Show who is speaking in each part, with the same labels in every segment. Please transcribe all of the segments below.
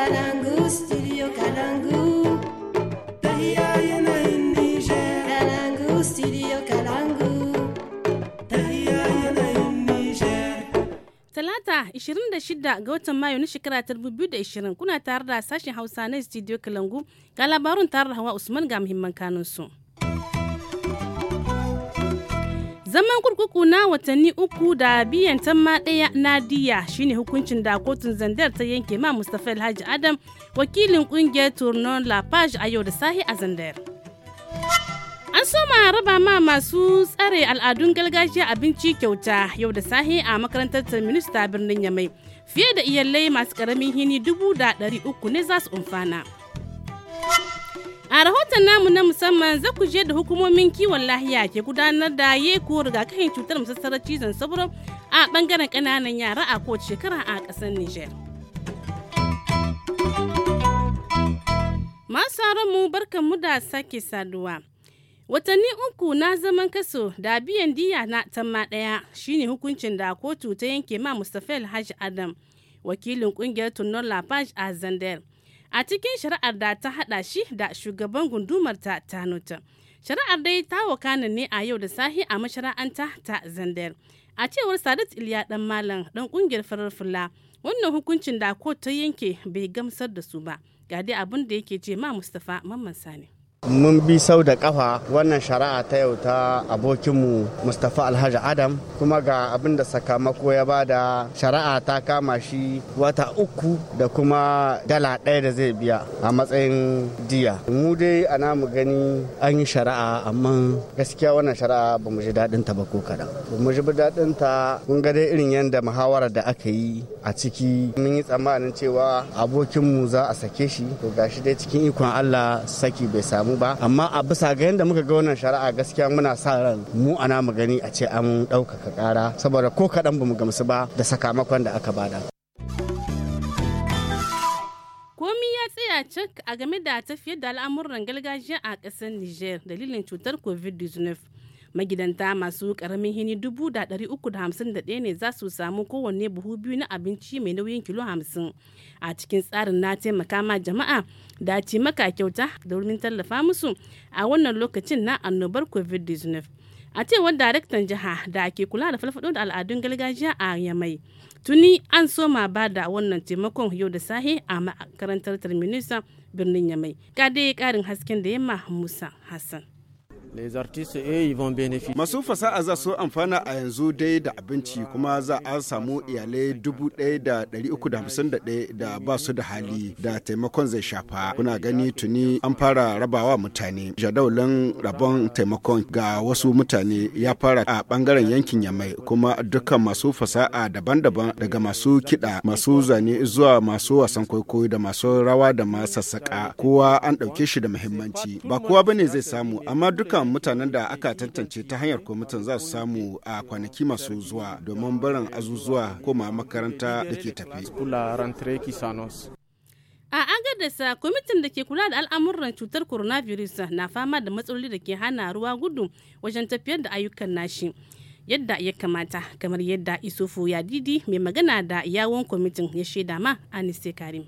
Speaker 1: Kalangu,
Speaker 2: ga watan Mayu na shekara ta 2020 kuna tare da sashen Hausa na studio Kalangu ga labarun tare da Hawa Usman ga muhimman kanunsu. Zaman kurkuku na watanni uku da biyan tamma ɗaya na diya shine hukuncin da kotun zandar ta yanke ma Mustapha Alhaji Adam wakilin kungiyar Tournon La Page a yau da sahi a zandar. An soma raba ma masu tsare al'adun gargajiya abinci kyauta yau da sahi a makarantar ta minista birnin Yamai. Fiye da iyalai masu karamin hini dubu da ɗari uku ne za su umfana. A rahoton namu na musamman za ku je da hukumomin kiwon lahiya ke gudanar da yeko rigakafin cutar masassarar cizon sauro a bangaren ƙananan yara a kowace shekara a ƙasar Nijar. Masu mu barkan mu da sake saduwa. Watanni uku na zaman kaso da biyan diya na tamma ɗaya shine hukuncin da kotu ta yanke ma Mustapha Alhaji Adam, wakilin kungiyar Tunon Lafash a zander a cikin shari'ar da ta hada shi da shugaban gundumar ta tanuta shari'ar dai ta wakana ne a yau da sahi a mashara'anta ta zandar a cewar sadat iliya dan malam dan kungiyar farar fula wannan hukuncin da ko ta yanke bai gamsar da su ba ga dai abin da yake ce ma mustafa mamman sani
Speaker 3: Mun bi sau da kafa wannan shari'a ta yau ta abokinmu Mustapha Alhaji Adam kuma ga abin da sakamako ya bada shari'a ta kama shi wata uku da kuma dala ɗaya da zai biya a matsayin diya. Mu dai ana mu gani an yi shari'a amma gaskiya wannan shari'a ba mu ji daɗin ta ba ko kaɗan. Ba mu ji daɗin ta kun ga dai irin yadda muhawarar da aka yi a ciki mun yi tsammanin cewa abokinmu za a sake shi to gashi dai cikin ikon Allah saki bai samu mu ba amma a bisa ga yadda muka ga wannan shari'a gaskiya muna sa ran mu ana mu gani a ce an ɗaukaka ƙara saboda ko kaɗan bamu gamsu ba da sakamakon da aka bada.
Speaker 2: komi ya tsaya cik a game da tafiyar da al'amuran gargajiya a ƙasar niger dalilin cutar covid-19 magidanta masu karamin hini dubu da dari uku da hamsin da ɗaya ne za su samu kowanne buhu biyu na abinci mai nauyin kilo hamsin a cikin tsarin na taimaka ma jama'a da maka kyauta da domin tallafa musu a wannan lokacin na annobar covid-19 a cewar daraktan jiha da ke kula da falfado da al'adun gargajiya a yamai tuni an soma ba da wannan taimakon yau da sahe a makarantar terminisa birnin yamai kadai karin hasken da yamma musa hassan
Speaker 3: Masu fasaha za su amfana a yanzu dai da abinci kuma za a samu iyalai 1,351 da ba su da hali da taimakon zai shafa. Kuna gani tuni an fara rabawa mutane. Jadawalin rabon taimakon ga wasu mutane ya fara a bangaren yankin Yamai kuma dukkan masu a daban-daban daga masu kiɗa, masu zane zuwa masu wasan kwaikwayo da masu rawa da masu sassaƙa. Kowa an ɗauke shi da muhimmanci. Ba kowa bane zai samu amma dukkan Dukkan mutanen da aka tantance ta hanyar kwamitin za su samu a kwanaki masu zuwa domin barin azuzuwa koma makaranta da ke tafi.
Speaker 2: A Agadasa, kwamitin da ke kula da al'amuran cutar coronavirus na fama da matsaloli da ke hana ruwa gudu wajen tafiyar da ayyukan nashi. yadda ya kamata kamar yadda isufu ya didi mai magana da yawon kwamitin ya shaida ma anise karim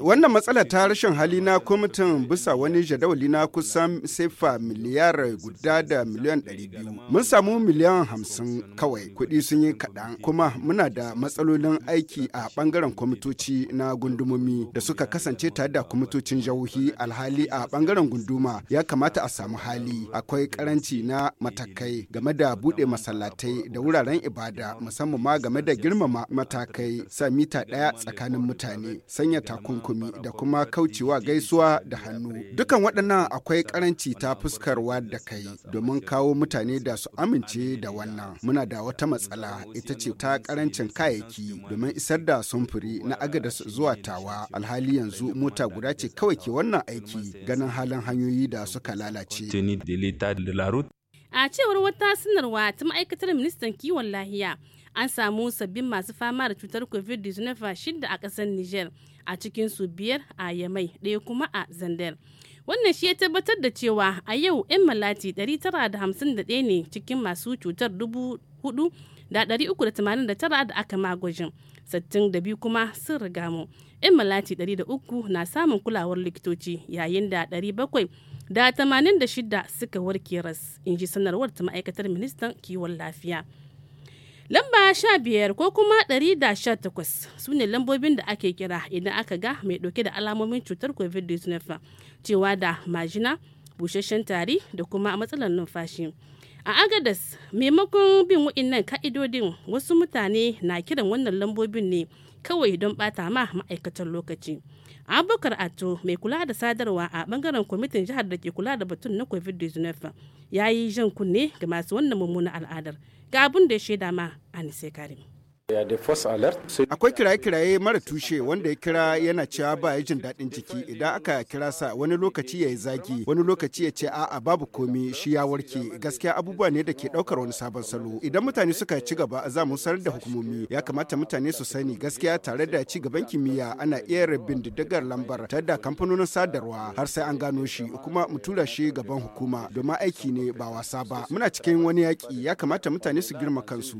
Speaker 3: Wannan matsalar ta rashin hali na kwamitin bisa wani jadawali na kusan sefa miliyar guda da miliyan
Speaker 1: 200.
Speaker 3: Mun samu miliyan 50 kawai kuɗi sun yi kaɗan kuma muna da matsalolin aiki a ɓangaren kwamitoci na gundumomi da suka kasance tare da kwamitocin jauhi alhali a ɓangaren gunduma ya kamata a samu hali akwai karanci na matakai game da buɗe masallatai da wuraren ibada musamman ma game da girmama matakai sa mita ɗaya tsakanin mutane sanya takunkumi da kuma kaucewa gaisuwa da hannu dukan waɗannan akwai karanci ta fuskarwa da kai domin kawo mutane da su amince da wannan muna da wata matsala ita ce ta karancin kayayyaki domin isar da sumfuri na agada zuwa tawa alhali yanzu mota guda ce kawai ke wannan aiki ganin halin hanyoyi da suka lalace
Speaker 2: a cewar wata sanarwa ta ma'aikatar ministan kiwon lahiya an samu sabbin masu fama da cutar covid-19 shida a ƙasar niger a cikin su biyar a yamai ɗaya kuma a zandar wannan shi ya tabbatar da cewa a yau 'yan malati 951 ne cikin masu cutar 4,389 da aka magwajin 62 kuma sun riga mu 'yan malati 300 na samun kulawar likitoci yayin da 700 da 86 suka warke ras in ji sanarwar ta ma'aikatar ministan kiwon lafiya lamba 15 ko kuma 118 su ne lambobin da ake kira idan aka ga mai dauke da alamomin cutar covid-19 cewa da majina busasshen tari da kuma matsalar numfashi a agadas maimakon bin waɗannan ka'idodin wasu mutane na kiran wannan lambobin ne kawai don bata ma ma'aikatar lokaci abubakar ato mai kula da sadarwa a bangaren kwamitin jihar da ke kula da batun na covid-19 ya yi jan kunne ga masu wannan mummunan al'adar ga abin da ya shaida ma anise karim
Speaker 3: Akwai kiraye-kiraye mara tushe wanda ya kira yana cewa ba ya jin daɗin jiki idan aka kira sa wani lokaci ya yi zagi wani lokaci ya ce a'a babu komi shi ya warke gaskiya abubuwa ne da ke ɗaukar wani sabon salo idan mutane suka ci gaba za mu sanar da hukumomi ya kamata mutane su sani gaskiya tare da ci gaban kimiyya ana iya rabin diddigar lambar tare da kamfanonin sadarwa har sai an gano shi kuma mu tura shi gaban hukuma domin aiki ne ba wasa ba muna cikin wani yaƙi ya kamata mutane su girma kansu.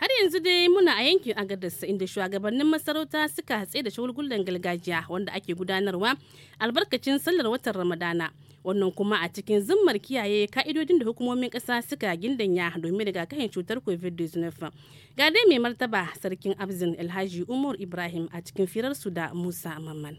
Speaker 2: har yanzu dai muna a yankin agadas inda shugabannin masarauta suka hatse da shagulgulan gargajiya wanda ake gudanarwa albarkacin sallar watan ramadana wannan kuma a cikin zimmar kiyaye ka'idodin da hukumomin ƙasa suka gindanya domin kahin cutar covid-19 ga dai mai martaba sarkin abzin alhaji umar ibrahim a cikin firarsu da musa mamman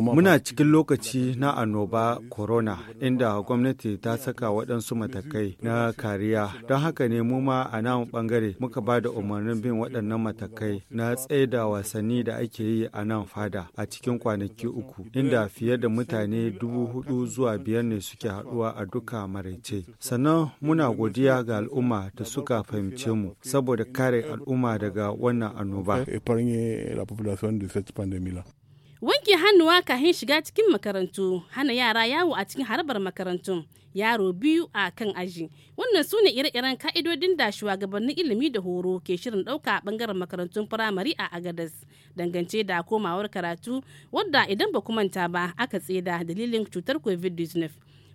Speaker 3: Muna cikin lokaci na annoba corona inda gwamnati ta saka waɗansu matakai na kariya don haka ne mu ma a nan ɓangare muka ba da umarnin bin waɗannan matakai na tsaida wasanni da ake yi a nan fada a cikin kwanaki uku inda fiye da mutane dubu hudu zuwa biyar ne suke haɗuwa a duka maraice. Sannan muna godiya ga al'umma da suka fahimce mu saboda kare al'umma daga wannan annoba.
Speaker 2: Wanke hannuwa kafin shiga cikin makarantu, hana yara yawo a cikin harabar makarantu, yaro biyu a kan aji. Wannan su ne ire-iren ka'idodin da shugabannin ilimi da horo ke shirin ɗauka a ɓangaren makarantun firamare a Agadas, dangance da komawar karatu wadda idan ba manta ba aka tseda dalilin cutar COVID-19.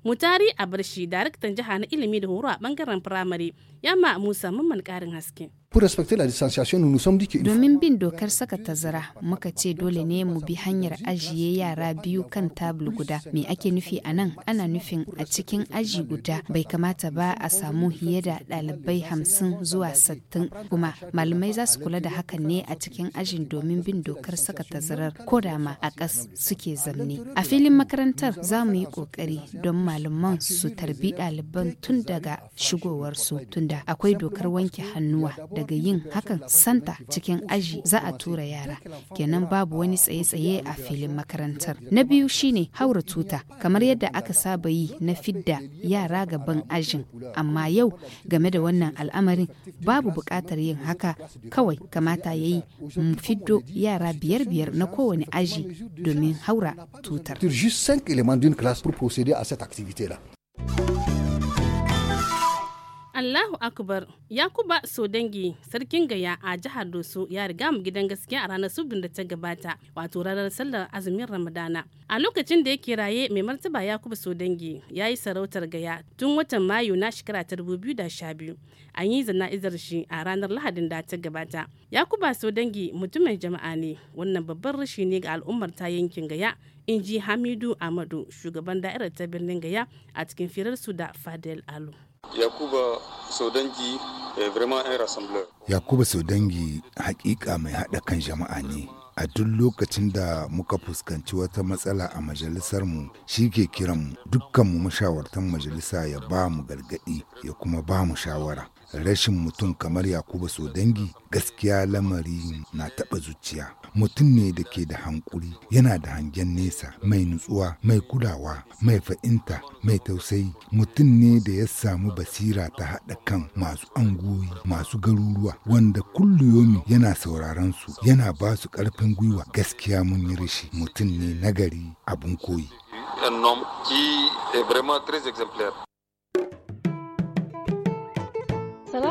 Speaker 2: Mutari a Barshi, daraktan jiha na ilimi da horo a ɓangaren firamare, yamma Musa Mamman ƙarin haske.
Speaker 1: pour respecter la distanciation nous nous sommes dit que domin bin dokar saka tazara muka ce dole ne mu bi hanyar ajiye yara biyu kan tabul guda me ake nufi a nan ana nufin a cikin aji guda bai kamata ba a samu fiye da ɗalibai hamsin zuwa sattin kuma malamai za su kula da hakan ne a cikin ajin domin bin dokar saka tazarar ko da ma a ƙas suke zamne a filin makarantar za mu yi ƙoƙari don malaman su tarbi ɗaliban tun daga shigowarsu tunda akwai dokar wanke hannuwa da daga yin hakan santa cikin aji za a tura yara kenan babu wani tsaye-tsaye a filin makarantar na biyu shine haura tuta kamar yadda aka saba yi na fidda yara gaban ajin amma yau game da wannan al'amarin babu buƙatar yin haka kawai kamata ya yi mu fiddo yara biyar-biyar na kowane aji domin haura tutar.
Speaker 2: Allahu Akbar Yakuba Sodangi sarkin gaya a jihar Doso ya riga mu gidan gaskiya a ranar subdin da ta gabata wato ranar sallar azumin Ramadana. A lokacin da yake raye mai martaba Yakuba Sodangi ya yi sarautar gaya tun watan Mayu na shekara ta biyu An yi zana'izar shi a ranar Lahadin da ta gabata. Yakuba Sodangi mutumin jama'a ne wannan babban rashi ne ga al'ummar ta yankin gaya in ji Hamidu Amadu shugaban da'irar ta birnin gaya a cikin firar su da Fadel Alu.
Speaker 3: Yakuba saudangi eh, vraiment un rassembleur.
Speaker 4: Yakuba saudangi hakika mai haɗa kan jama'a ne. a duk lokacin da muka fuskanci wata matsala a majalisar mu shi ke kiran dukkan mu mashawartan majalisa ya ba mu gargadi ya kuma ba mu shawara rashin mutum kamar yakuba so dangi gaskiya lamari na taɓa zuciya. Mutum ne da ke da hankuri, yana da hangen nesa, mai nutsuwa, mai kulawa, mai fa'inta, mai tausayi. Mutum ne da ya samu basira ta haɗa kan masu angoyi, masu garuruwa, wanda kulliyomi yana sauraron su, yana ba su ƙarfin gwiwa. Gaskiya mun yi rashi, mutum ne nagari abun koyi.
Speaker 2: un
Speaker 1: Sei lá,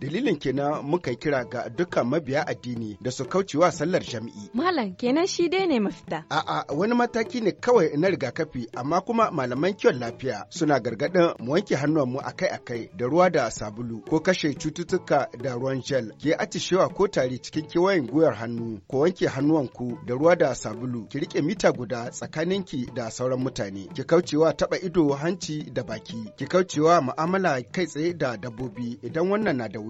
Speaker 3: Dalilin kenan muka kira ga dukkan mabiya addini da su kaucewa sallar Jami'i.
Speaker 1: Malam kenan shi dai ne mafita.
Speaker 3: A'a wani mataki ne kawai na rigakafi amma kuma malaman kiwon lafiya suna gargadin mu wanke hannuwanmu akai-akai da ruwa da sabulu ko kashe cututtuka da ruwan gel ke atishewa ko tari cikin kewayen gwiwar hannu ko wanke hannuwanku da ruwa da sabulu ki rike mita guda tsakaninki da sauran mutane ki kaucewa taba ido hanci da baki ki kaucewa mu'amala kai tsaye da dabbobi idan wannan na da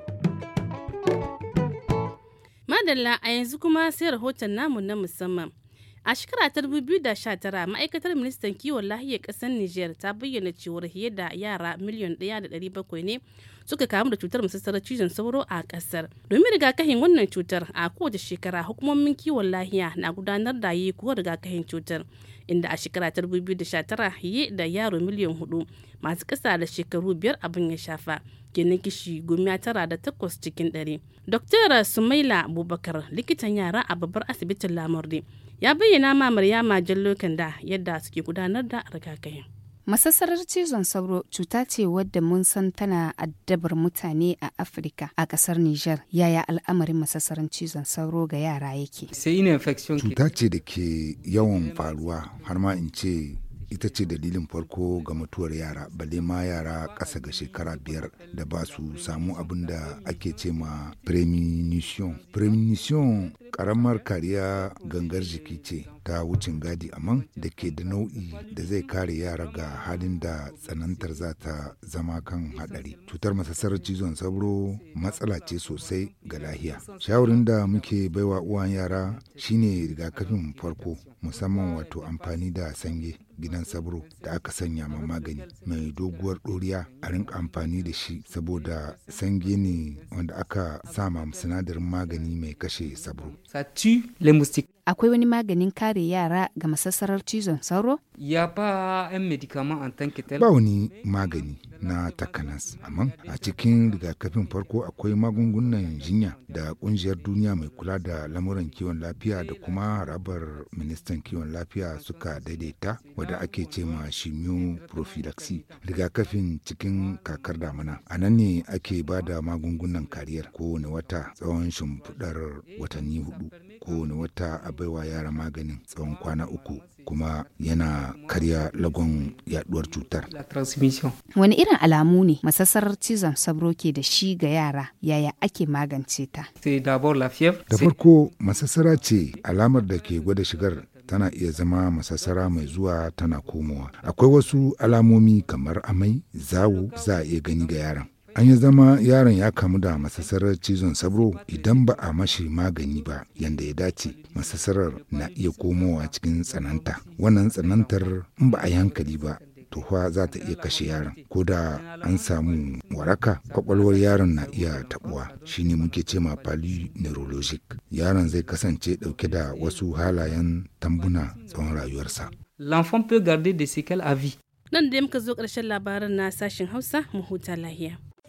Speaker 2: madalla a yanzu kuma sai rahoton namu na musamman. A shekara ta 2019 ma'aikatar ministan kiwon lahiyar kasar Nijar ta bayyana cewar fiye da yara miliyan 1.700 ne suka kamu da cutar masassarar cizon sauro a kasar Domin rigakafin wannan cutar a kowace shekara hukumomin kiwon lahiya na gudanar da yi kuwa rigakafin cutar inda a shekara ta 2019 fiye da yaro miliyan 4 masu ƙasa da shekaru biyar abin ya shafa. na kishi gumi a tara da takwas cikin ɗari. Doktora Sumaila Abubakar likitan yara a babbar asibitin Lamurde ya bayyana ma Maryama Jallo Kanda yadda suke gudanar da rigakafin.
Speaker 1: Masassarar cizon sauro cuta ce wadda mun san tana addabar mutane a Afirka a kasar Nijar. Yaya al'amarin masassarar cizon sauro ga yara yake?
Speaker 4: Cuta ce da ke yawan faruwa har ma in ce ita ce dalilin farko ga mutuwar yara bale ma yara ƙasa ga shekara biyar da ba su samu abin da ake ce ma premonition premonition karamar kariya gangar jiki ce ta wucin gadi amma da ke da nau'i da zai kare yara ga halin da tsanantar za ta zama kan haɗari. Cutar masasar cizon sabro matsala ce sosai ga lahiya. Shawarin da muke baiwa uwan yara shine rigakafin farko musamman wato amfani da sange gidan sabro da aka sanya ma magani mai doguwar ɗoriya a rinka amfani da shi saboda sange ne wanda aka sama sinadarin magani mai kashe sabro sati tue les
Speaker 1: Akwai wani maganin kare yara ga masassarar cizon sauro?
Speaker 3: Ya ba wani
Speaker 4: magani. na takanas. Amma a cikin rigakafin farko akwai magungunan jinya da kungiyar duniya mai kula da lamuran kiwon lafiya da kuma harabar ministan kiwon lafiya suka daidaita wadda ake ce ma shimio prophylaxis rigakafin cikin kakar damana. A nan ne ake ba da magungunan kariyar kowane wata tsawon shimfiɗar watanni hudu. kowane wata a baiwa yara maganin tsawon kwana uku kuma yana karya lagon yaduwar cutar.
Speaker 1: Wani irin alamu ne masassar cizon sabro ke da shi ga yara yaya ake magance ta?
Speaker 3: Da
Speaker 4: farko masassara ce alamar da ke gwada shigar tana iya zama masassara mai zuwa tana komowa akwai wasu alamomi kamar amai zawo za a iya gani ga yaran. an yi zama yaron ya kamu da masasarar cizon sabro idan ba a mashi magani ba yadda ya dace masasarar na iya komowa cikin tsananta wannan tsanantar in ba a yi hankali ba tuhuwa za ta iya kashe yaron ko da an samu waraka kwakwalwar yaron na iya tabuwa shine muke ce ma neurologic yaron zai kasance dauke da wasu halayen tambuna tsawon rayuwarsa
Speaker 3: l'enfant peut garder des séquelles vie
Speaker 2: nan da muka zo ƙarshen labarin na sashen hausa mu huta lahiya